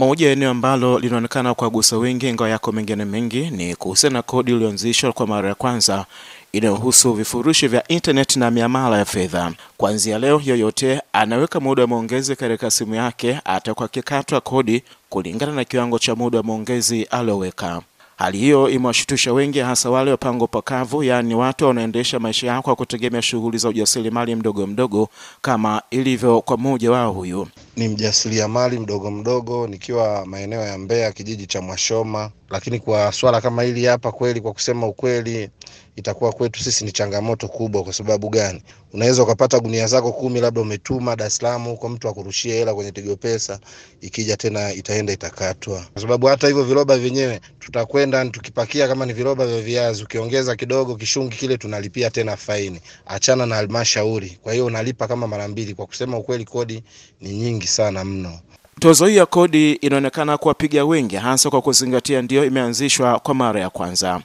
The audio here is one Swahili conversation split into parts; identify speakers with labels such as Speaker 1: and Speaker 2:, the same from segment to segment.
Speaker 1: Moja ya eneo ambalo linaonekana kuwagusa wengi, ingawa yako mengine mengi, ni kuhusiana na kodi iliyoanzishwa kwa mara ya kwanza inayohusu vifurushi vya intaneti na miamala ya fedha. kwanzia leo, yoyote anaweka muda wa maongezi katika simu yake atakuwa akikatwa kodi kulingana na kiwango cha muda wa maongezi alioweka. Hali hiyo imewashutusha wengi, hasa wale wapango pakavu, yaani watu wanaendesha maisha yao kwa kutegemea shughuli za mali mdogo mdogo, kama ilivyo kwa mmoja wao huyu
Speaker 2: ni mjasiriamali mdogo mdogo nikiwa maeneo ya Mbeya, kijiji cha Mwashoma. Lakini kwa swala kama hili hapa, kweli kwa kusema ukweli, itakuwa kwetu sisi ni changamoto kubwa. Kwa sababu gani? Unaweza ukapata gunia zako kumi, labda umetuma Dar es Salaam huko, mtu akurushie hela kwenye Tigo Pesa, ikija tena itaenda itakatwa, kwa sababu hata hivyo viroba vyenyewe tutakwenda tukipakia, kama ni viroba vya viazi, ukiongeza kidogo kishungi kile, tunalipia tena faini. Achana na halmashauri. Kwa hiyo unalipa kama mara mbili. Kwa kusema ukweli, kodi ni nyingi nyingi sana mno.
Speaker 1: Tozo hii ya kodi inaonekana kuwapiga wengi, hasa kwa kuzingatia ndiyo imeanzishwa kwa mara ya kwanza.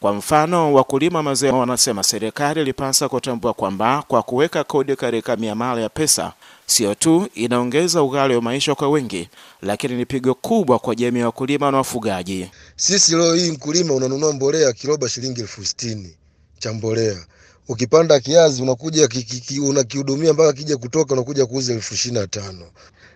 Speaker 1: Kwa mfano, wakulima mazao wanasema serikali ilipasa kutambua kwamba kwa kuweka kodi katika miamala ya pesa sio tu inaongeza ughali wa maisha kwa wengi, lakini ni pigo kubwa kwa jamii ya wakulima na wafugaji. Sisi leo hii mkulima unanunua mbolea kiroba shilingi elfu sitini
Speaker 3: cha mbolea Ukipanda kiazi unakuja unakihudumia mpaka kija kutoka, unakuja kuuza elfu ishirini na tano.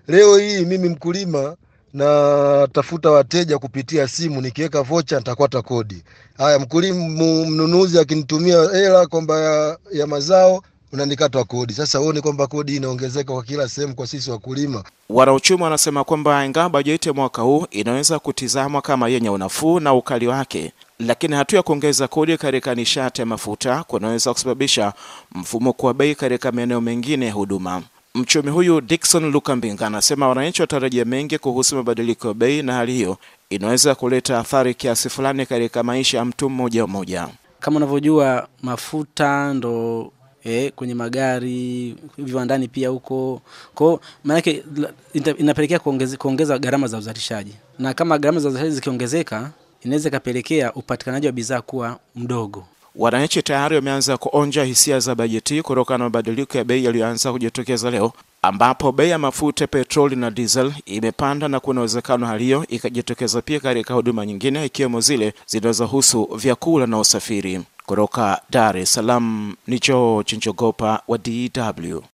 Speaker 3: Leo hii mimi mkulima na tafuta wateja kupitia simu, nikiweka vocha nitakwata kodi. Haya, mkulima mnunuzi akinitumia hela kwamba ya, ya mazao unanikatwa kodi. Sasa uone kwamba kodi inaongezeka kwa kila sehemu kwa sisi wakulima?
Speaker 1: Wanauchumi wanasema kwamba ingawa bajeti ya mwaka huu inaweza kutizamwa kama yenye unafuu na ukali wake, lakini hatua ya kuongeza kodi katika nishati ya mafuta kunaweza kusababisha mfumuko wa bei katika maeneo mengine ya huduma. Mchumi huyu Dickson Lukambinga anasema wananchi watarajia mengi kuhusu mabadiliko ya bei, na hali hiyo inaweza kuleta athari kiasi fulani katika maisha ya mtu mmoja mmoja.
Speaker 4: Kama unavyojua mafuta ndo eh, kwenye magari viwandani pia huko kwao, maanake inapelekea kuongeza, kuongeza gharama za uzalishaji, na kama gharama za uzalishaji zikiongezeka inaweza ikapelekea upatikanaji wa bidhaa kuwa mdogo.
Speaker 1: Wananchi tayari wameanza kuonja hisia za bajeti kutokana na mabadiliko ya bei yaliyoanza kujitokeza leo, ambapo bei ya mafuta petroli na diesel imepanda na kuna uwezekano hali hiyo ikajitokeza pia katika huduma nyingine ikiwemo zile zinazohusu vyakula na usafiri. Kutoka Dar es Salaam ni George Njogopa wa DW.